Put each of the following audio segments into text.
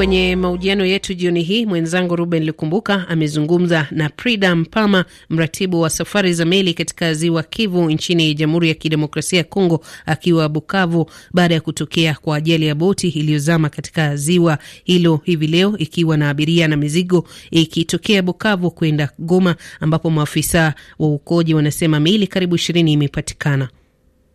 Kwenye mahojiano yetu jioni hii mwenzangu Ruben Likumbuka amezungumza na Prida Mpama, mratibu wa safari za meli katika ziwa Kivu nchini Jamhuri ya Kidemokrasia ya Kongo, akiwa Bukavu baada ya kutokea kwa ajali ya boti iliyozama katika ziwa hilo hivi leo ikiwa na abiria na mizigo, ikitokea Bukavu kwenda Goma, ambapo maafisa wa ukoji wanasema miili karibu ishirini imepatikana.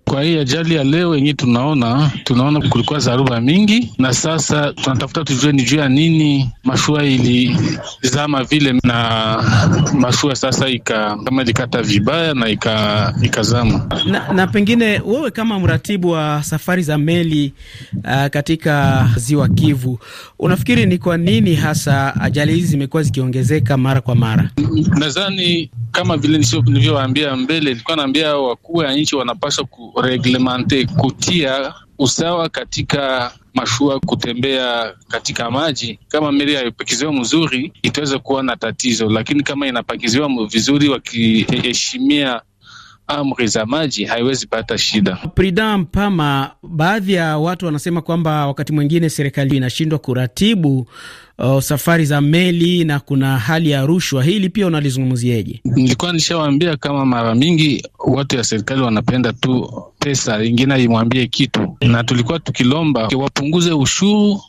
Kwa hii ajali ya leo yenye tunaona tunaona kulikuwa zaruba mingi, na sasa tunatafuta tujue ni juu ya nini mashua ilizama vile, na mashua sasa ika, kama ilikata vibaya na ikazama na, na pengine wewe kama mratibu wa safari za meli uh, katika ziwa Kivu unafikiri ni kwa nini hasa ajali hizi zimekuwa zikiongezeka mara kwa mara? Nadhani kama vile nilivyowaambia mbele, nilikuwa naambia wakuu ya nchi wanapaswa ku kureglemente, kutia usawa katika mashua kutembea katika maji. Kama meli haipakiziwa mzuri, itaweza kuwa na tatizo, lakini kama inapakiziwa vizuri, wakiheshimia amri za maji haiwezi pata shida. Prida Mpama, baadhi ya watu wanasema kwamba wakati mwingine serikali inashindwa kuratibu uh, safari za meli na kuna hali ya rushwa. Hili pia unalizungumziaje? Nilikuwa nishawaambia kama mara mingi watu ya serikali wanapenda tu pesa, ingine aimwambie kitu, na tulikuwa tukilomba wapunguze ushuru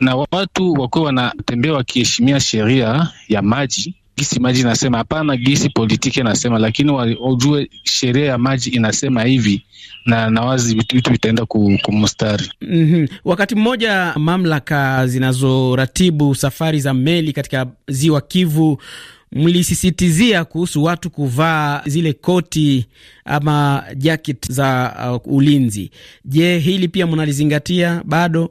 na watu wakuwa wanatembea wakiheshimia sheria ya maji gisi maji inasema hapana, gisi politiki inasema, lakini wajue sheria ya maji inasema hivi, na nawazi vitu vitaenda kumustari. mm -hmm. Wakati mmoja mamlaka zinazoratibu safari za meli katika ziwa Kivu mlisisitizia kuhusu watu kuvaa zile koti ama jacket za uh, ulinzi. Je, hili pia mnalizingatia bado?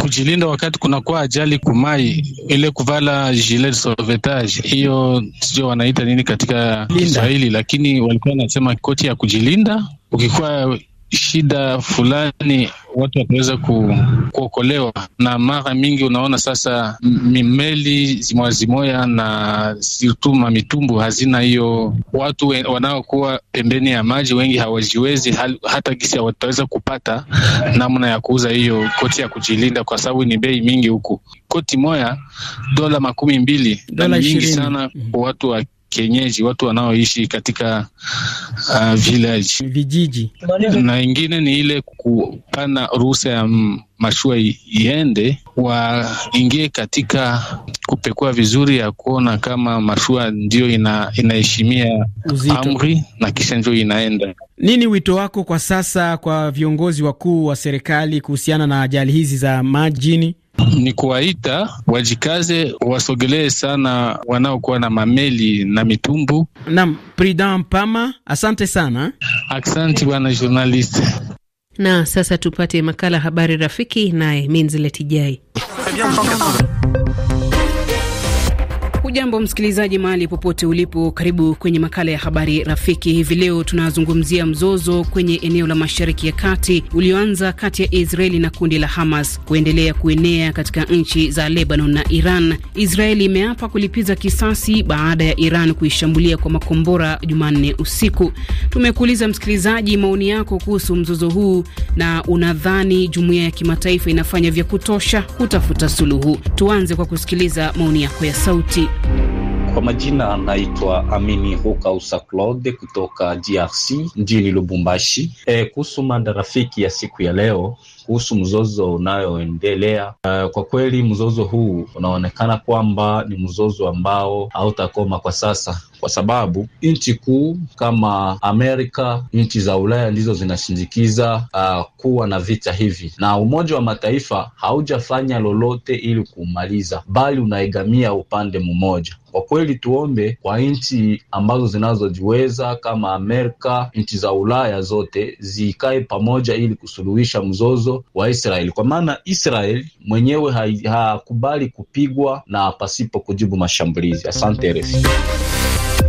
Kujilinda wakati kunakuwa ajali kumai, ile kuvala gilet sauvetage, hiyo sio wanaita nini katika Kiswahili, lakini walikuwa wanasema koti ya kujilinda ukikuwa shida fulani watu wataweza kuokolewa, na mara mingi unaona sasa mimeli zimoya na sirtu mamitumbu hazina hiyo. Watu wanaokuwa pembeni ya maji wengi hawajiwezi hata gisi wataweza kupata namna ya kuuza hiyo koti ya kujilinda, kwa sababu ni bei mingi huku. Koti moya dola makumi mbili dola nyingi sana mm. kwa watu wa kienyeji, watu wanaoishi katika uh, village vijiji, na ingine ni ile kupana ruhusa ya mashua iende, waingie katika kupekua vizuri ya kuona kama mashua ndio ina, inaheshimia amri na kisha ndio inaenda. Nini wito wako kwa sasa kwa viongozi wakuu wa serikali kuhusiana na ajali hizi za majini? ni kuwaita wajikaze, wasogelee sana wanaokuwa na mameli na mitumbu. nam Pridan Pama, asante sana. Asante bwana journalist. Na sasa tupate makala habari rafiki, naye Minzile Tijai. Hujambo msikilizaji, mahali popote ulipo, karibu kwenye makala ya habari rafiki. Hivi leo tunazungumzia mzozo kwenye eneo la Mashariki ya Kati ulioanza kati ya Israeli na kundi la Hamas kuendelea kuenea katika nchi za Lebanon na Iran. Israeli imeapa kulipiza kisasi baada ya Iran kuishambulia kwa makombora Jumanne usiku. Tumekuuliza msikilizaji, maoni yako kuhusu mzozo huu, na unadhani jumuiya ya kimataifa inafanya vya kutosha kutafuta suluhu? Tuanze kwa kusikiliza maoni yako ya sauti. Kwa majina anaitwa Amini Hukausa Claude kutoka DRC mjini Lubumbashi. E, kuhusu mada rafiki ya siku ya leo kuhusu mzozo unayoendelea uh, kwa kweli mzozo huu unaonekana kwamba ni mzozo ambao hautakoma kwa sasa, kwa sababu nchi kuu kama Amerika, nchi za Ulaya ndizo zinashindikiza uh, kuwa na vita hivi, na Umoja wa Mataifa haujafanya lolote ili kumaliza, bali unaegamia upande mmoja. Kwa kweli tuombe kwa nchi ambazo zinazojiweza kama Amerika, nchi za Ulaya zote zikae pamoja ili kusuluhisha mzozo wa Israeli, kwa maana Israeli mwenyewe hakubali kupigwa na pasipo kujibu mashambulizi. Asante RFI.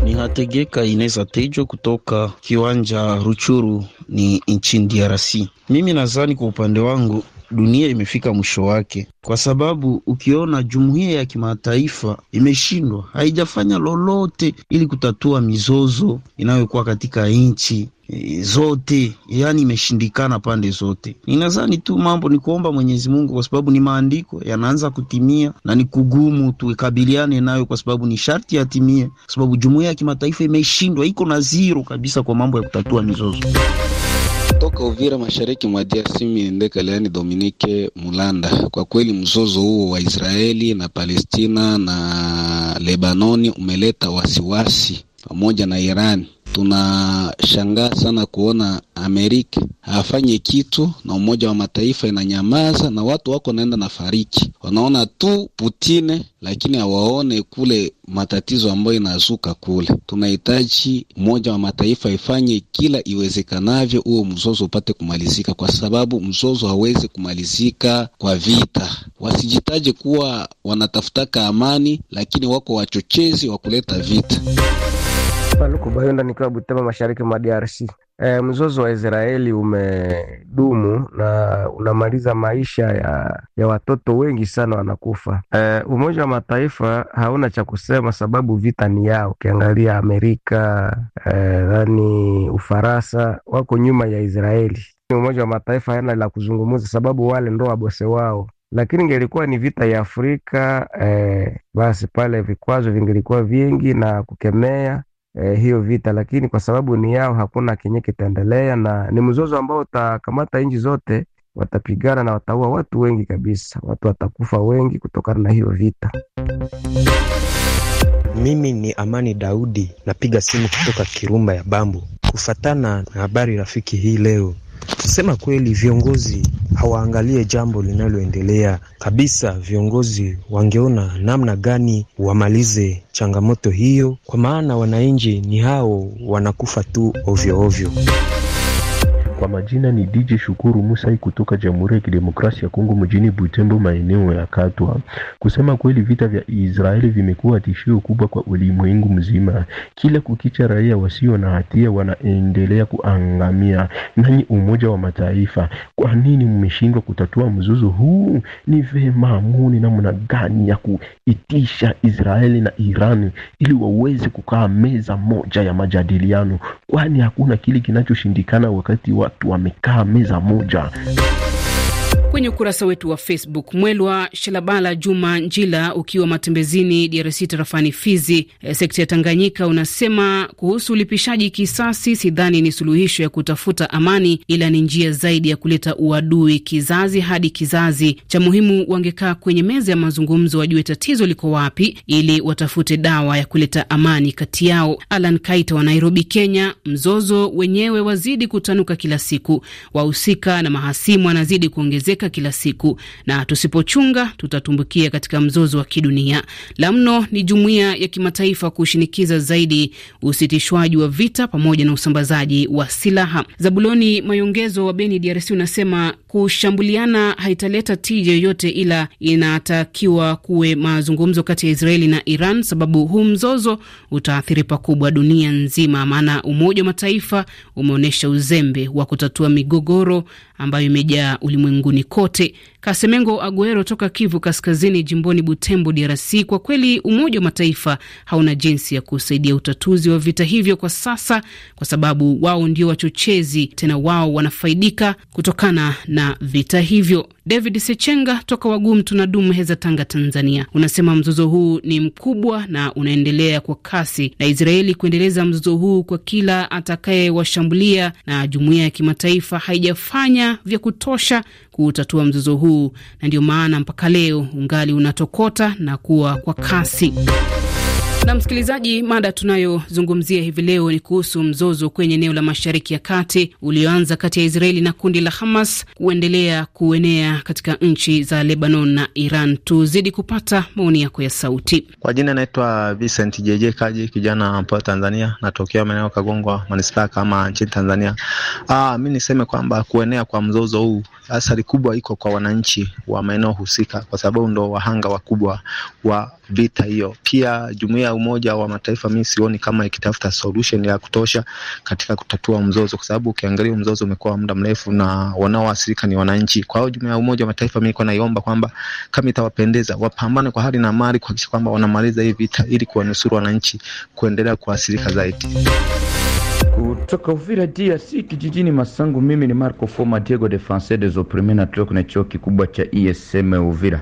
Ni Hategeka ineza tejo kutoka kiwanja Ruchuru ni nchini DRC. Mimi nadhani kwa upande wangu dunia imefika mwisho wake, kwa sababu ukiona jumuiya ya kimataifa imeshindwa, haijafanya lolote ili kutatua mizozo inayokuwa katika nchi e, zote yani, imeshindikana pande zote. Ninadhani tu mambo ni kuomba Mwenyezi Mungu, kwa sababu ni maandiko yanaanza kutimia na ni kugumu tuikabiliane nayo, kwa sababu ni sharti yatimie, kwa sababu jumuiya ya kimataifa imeshindwa, iko na zero kabisa kwa mambo ya kutatua mizozo. Toka Uvira mashariki mwa DRC miendeka leani Dominike Mulanda. Kwa kweli mzozo huo wa Israeli na Palestina na Lebanoni umeleta wasiwasi pamoja na Irani tunashangaa sana kuona Amerika hafanye kitu na Umoja wa Mataifa inanyamaza na watu wako naenda na fariki, wanaona tu Putine, lakini hawaone kule matatizo ambayo inazuka kule. Tunahitaji Umoja wa Mataifa ifanye kila iwezekanavyo huo mzozo upate kumalizika, kwa sababu mzozo hawezi kumalizika kwa vita. Wasijitaje kuwa wanatafutaka amani, lakini wako wachochezi wa kuleta vita. Paluku Bayunda klabu Butema, mashariki mwa DRC. E, mzozo wa Israeli umedumu na unamaliza maisha ya, ya watoto wengi sana wanakufa. E, Umoja wa Mataifa hauna cha kusema sababu vita ni yao. Ukiangalia Amerika e, nani, e, Ufaransa wako nyuma ya Israeli. Umoja wa Mataifa hana la kuzungumza sababu wale ndo wabose wao lakini ingelikuwa ni vita ya Afrika eh, basi pale vikwazo vingelikuwa vingi na kukemea eh, hiyo vita, lakini kwa sababu ni yao hakuna kenye kitaendelea, na ni mzozo ambao utakamata nchi zote, watapigana na wataua watu wengi kabisa, watu watakufa wengi kutokana na hiyo vita. Mimi ni Amani Daudi, napiga simu kutoka Kirumba ya Bambu kufatana na habari rafiki hii leo Kusema kweli, viongozi hawaangalie jambo linaloendelea kabisa. Viongozi wangeona namna gani wamalize changamoto hiyo, kwa maana wananchi ni hao wanakufa tu ovyo ovyo. Kwa majina ni DJ Shukuru Musai kutoka Jamhuri ya Kidemokrasia ya Kongo mjini Butembo, maeneo ya Katwa. Kusema kweli, vita vya Israeli vimekuwa tishio kubwa kwa ulimwengu mzima. Kila kukicha, raia wasio na hatia wanaendelea kuangamia. Nanyi Umoja wa Mataifa, kwa nini mmeshindwa kutatua mzozo huu? Ni vema muone namna gani ya kuitisha Israeli na iran ili waweze kukaa meza moja ya majadiliano, kwani hakuna kile kinachoshindikana wakati wa watu wamekaa meza moja. Kwenye ukurasa wetu wa Facebook, Mwelwa Shalabala Juma Njila, ukiwa matembezini DRC tarafani Fizi, e, sekta ya Tanganyika, unasema kuhusu ulipishaji kisasi, sidhani ni suluhisho ya kutafuta amani, ila ni njia zaidi ya kuleta uadui kizazi hadi kizazi. Cha muhimu wangekaa kwenye meza ya mazungumzo, wajue tatizo liko wapi, ili watafute dawa ya kuleta amani kati yao. Alan Kaita wa Nairobi, Kenya, mzozo wenyewe wazidi kutanuka kila siku, wahusika na mahasimu anazidi kuongezeka kuongezeka kila siku na tusipochunga tutatumbukia katika mzozo wa kidunia. La mno ni jumuiya ya kimataifa kushinikiza zaidi usitishwaji wa vita pamoja na usambazaji wa silaha. Zabuloni Mayongezo wa Beni, DRC, unasema kushambuliana haitaleta tija yoyote, ila inatakiwa kuwe mazungumzo kati ya Israeli na Iran, sababu huu mzozo utaathiri pakubwa dunia nzima, maana Umoja wa Mataifa umeonyesha uzembe wa kutatua migogoro ambayo imejaa ulimwenguni kote. Kasemengo Aguero toka Kivu Kaskazini, jimboni Butembo, DRC. Kwa kweli Umoja wa Mataifa hauna jinsi ya kusaidia utatuzi wa vita hivyo kwa sasa, kwa sababu wao ndio wachochezi, tena wao wanafaidika kutokana na vita hivyo. David Sechenga toka Wagum dum Heza, Tanga, Tanzania, unasema mzozo huu ni mkubwa na unaendelea kwa kasi, na Israeli kuendeleza mzozo huu kwa kila atakayewashambulia, na jumuiya ya kimataifa haijafanya vya kutosha kuutatua mzozo huu, na ndio maana mpaka leo ungali unatokota na kuwa kwa kasi. Na msikilizaji, mada tunayozungumzia hivi leo ni kuhusu mzozo kwenye eneo la Mashariki ya Kati ulioanza kati ya Israeli na kundi la Hamas kuendelea kuenea katika nchi za Lebanon na Iran. Tuzidi kupata maoni yako ya sauti. Kwa jina naitwa Vincent JJ Kaji, kijana ambayo Tanzania, natokea maeneo Kagongwa manispaa kama nchini Tanzania. Ah, mi niseme kwamba kuenea kwa mzozo huu, athari kubwa iko kwa wananchi wa maeneo husika, kwa sababu ndo wahanga wakubwa wa vita hiyo. Pia jumuiya ya Umoja wa Mataifa, mimi sioni kama ikitafuta solution ya kutosha katika kutatua mzozo, kwa sababu ukiangalia mzozo umekuwa muda mrefu na wanaoathirika ni wananchi. Kwa hiyo jumuiya ya Umoja wa Mataifa, mimi kwa naiomba kwamba kama itawapendeza, wapambane kwa hali na mali kuhakikisha kwamba wanamaliza hii vita ili kuwanusuru wananchi kuendelea kuathirika zaidi. Kutoka Uvira DRC kijijini Masangu, mimi ni Marco Foma Diego, defenseur des opprimes na tuko na chuo kikubwa cha ISM e Uvira.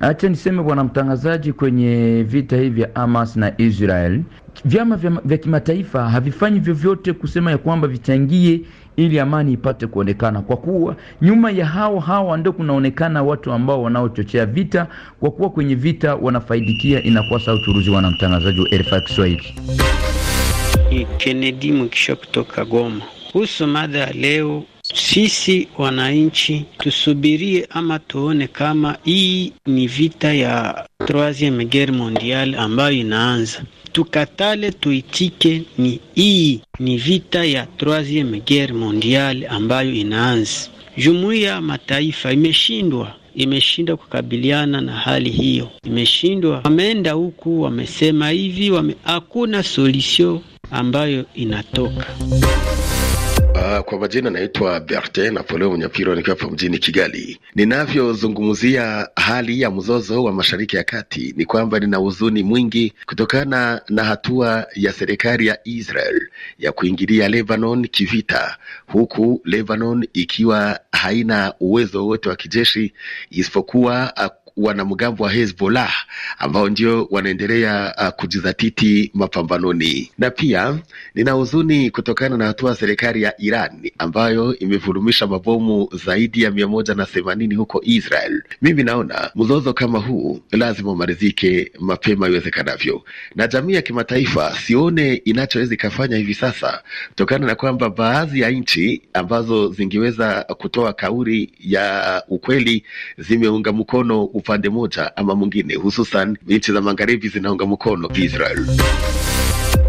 Acha niseme bwana mtangazaji, kwenye vita hivi vya Hamas na Israel, vyama vya, vya kimataifa havifanyi vyovyote kusema ya kwamba vichangie ili amani ipate kuonekana, kwa kuwa nyuma ya hao hawa ndio kunaonekana watu ambao wanaochochea vita, kwa kuwa kwenye vita wanafaidikia. Inakuwa sauti uruzi, wana mtangazaji wa RFI Kiswahili. Kennedy Mkisha kutoka Goma, kuhusu mada ya leo sisi wananchi tusubirie ama tuone kama hii ni vita ya troisieme guerre mondiale ambayo inaanza tukatale tuitike, ni hii ni vita ya troisieme guerre mondiale ambayo inaanza. Jumuiya ya Mataifa imeshindwa, imeshindwa kukabiliana na hali hiyo, imeshindwa. Wameenda huku wamesema hivi, wame, hakuna solution ambayo inatoka Uh, kwa majina naitwa Berte Napoleo Mnyapiro nikiwa hapa mjini Kigali. Ninavyozungumzia hali ya mzozo wa Mashariki ya Kati ni kwamba nina huzuni mwingi kutokana na hatua ya serikali ya Israel ya kuingilia Lebanon kivita, huku Lebanon ikiwa haina uwezo wote wa kijeshi isipokuwa wanamgambo wa Hezbollah ambao ndio wanaendelea uh, kujizatiti mapambanoni. Na pia nina huzuni kutokana na hatua ya serikali ya Iran ambayo imevurumisha mabomu zaidi ya mia moja na themanini huko Israel. Mimi naona mzozo kama huu lazima umalizike mapema iwezekanavyo, na jamii ya kimataifa sione inachoweza ikafanya hivi sasa, kutokana na kwamba baadhi ya nchi ambazo zingeweza kutoa kauli ya ukweli zimeunga mkono upande moja ama mwingine, hususan nchi za magharibi zinaunga mkono Israel.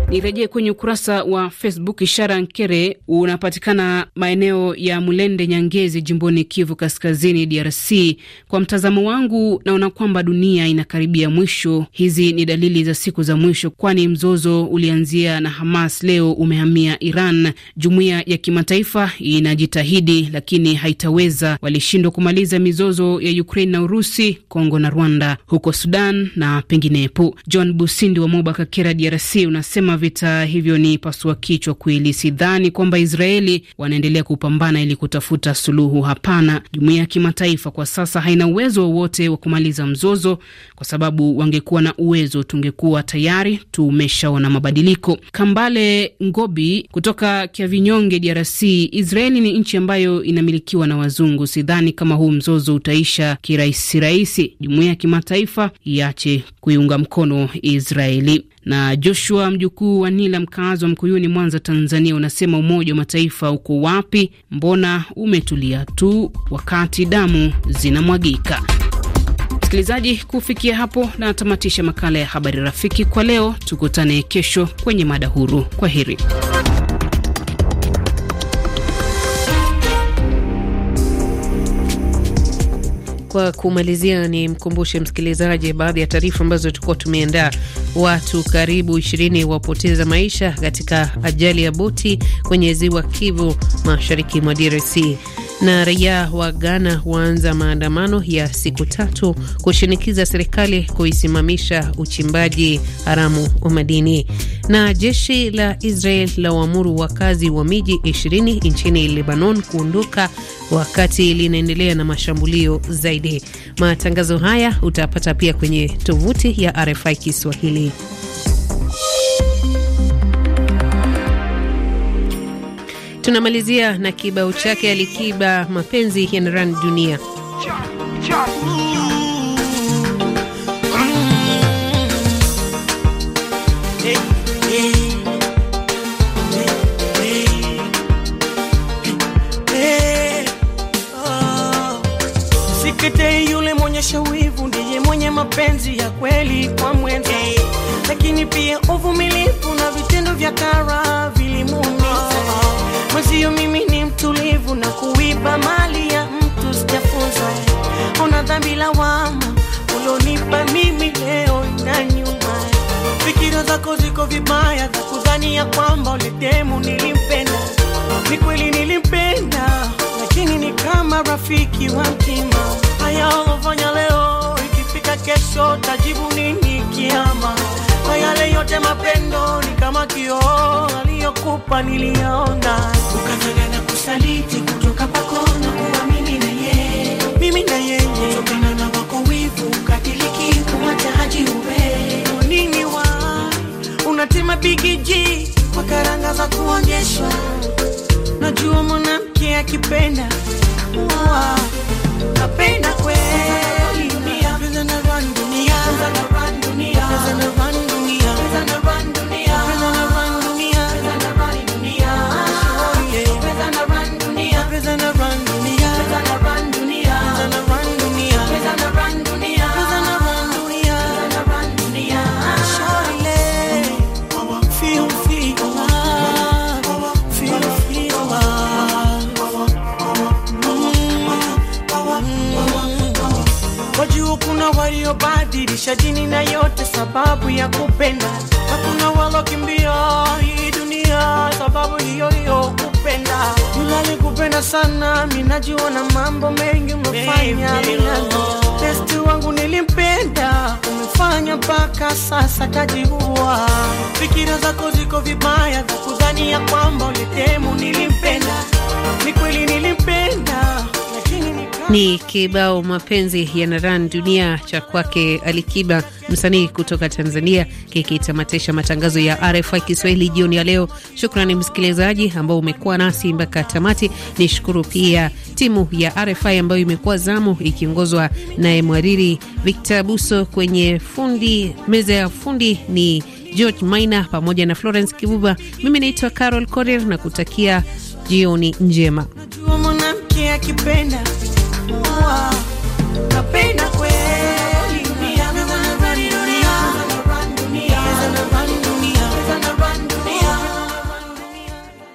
Nirejee kwenye ukurasa wa Facebook. Ishara Nkere unapatikana maeneo ya Mulende Nyangezi, jimboni Kivu Kaskazini, DRC. Kwa mtazamo wangu, naona kwamba dunia inakaribia mwisho. Hizi ni dalili za siku za mwisho, kwani mzozo ulianzia na Hamas, leo umehamia Iran. Jumuiya ya kimataifa inajitahidi, lakini haitaweza. Walishindwa kumaliza mizozo ya Ukraine na Urusi, Kongo na Rwanda, huko Sudan na penginepo. John Busindi wa Moba Kakera, DRC unasema vita hivyo ni pasua kichwa kweli. Sidhani kwamba Israeli wanaendelea kupambana ili kutafuta suluhu. Hapana, jumuiya ya kimataifa kwa sasa haina uwezo wowote wa kumaliza mzozo, kwa sababu wangekuwa na uwezo, tungekuwa tayari tumeshaona mabadiliko. Kambale Ngobi kutoka Kiavinyonge, DRC. Israeli ni nchi ambayo inamilikiwa na wazungu. Sidhani kama huu mzozo utaisha kirahisi rahisi. Jumuiya ya kimataifa iache kuiunga mkono Israeli. Na Joshua mjukuu wa Nila, mkazi wa Mkuyuni, Mwanza, Tanzania, unasema Umoja wa Mataifa uko wapi? Mbona umetulia tu wakati damu zinamwagika? Msikilizaji, kufikia hapo na tamatisha makala ya habari rafiki kwa leo. Tukutane kesho kwenye mada huru. Kwa heri. Kwa kumalizia, ni mkumbushe msikilizaji baadhi ya taarifa ambazo tulikuwa tumeandaa. Watu karibu 20 wapoteza maisha katika ajali ya boti kwenye ziwa Kivu mashariki mwa DRC. Na raia wa Ghana waanza maandamano ya siku tatu kushinikiza serikali kuisimamisha uchimbaji haramu wa madini. Na jeshi la Israel la uamuru wakazi wa miji 20 nchini Lebanon kuondoka wakati linaendelea na mashambulio zaidi. Matangazo haya utapata pia kwenye tovuti ya RFI Kiswahili. Tunamalizia na kibao chake Alikiba, mapenzi yanarani dunia. Msikete yule mwonyesha wivu, ndiye mwenye mapenzi ya kweli kwa mwenza, lakini pia uvumilivu na vitendo vya kara vilimuumiza Mwenzio mimi ni mtulivu na kuiba mali ya mtu sijafunza. Ona dhambi la wama ulionipa mimi leo na nyuma. Fikira zako ziko vibaya za ya kwamba uledemu nilimpenda. Ni kweli nilimpenda, lakini ni kama rafiki wa mtima. Haya ulofanya leo, ikifika kesho tajibu nini kiama? Kwa yale yote mapendo ni kama kioo aliyokupa niliona, tukafanya na kusaliti kutoka kwako na kuwa mimi na ye mimi na yeye, kutokana na wako wivu ukatiliki kumwacha Haji uwe nini wa unatima bigiji kwa karanga za kuonyeshwa, najua mwanamke akipenda napenda kwe sana, najiona mambo mengi umefanya testi oh. wangu nilimpenda, umefanya mpaka sasa tajiua. Fikira zako ziko vibaya, kudhania kwamba ulitemu. Nilimpenda, ni kweli nilimpenda ni kibao mapenzi ya naran dunia cha kwake Alikiba, msanii kutoka Tanzania, kikitamatisha matangazo ya RFI Kiswahili jioni ya leo. Shukrani msikilizaji ambao umekuwa nasi mpaka tamati. ni shukuru pia timu ya RFI ambayo imekuwa zamu ikiongozwa naye mwariri Victor Buso, kwenye fundi meza ya fundi ni George Maina pamoja na Florence Kibuba. Mimi naitwa Carol corer na kutakia jioni njema. moi.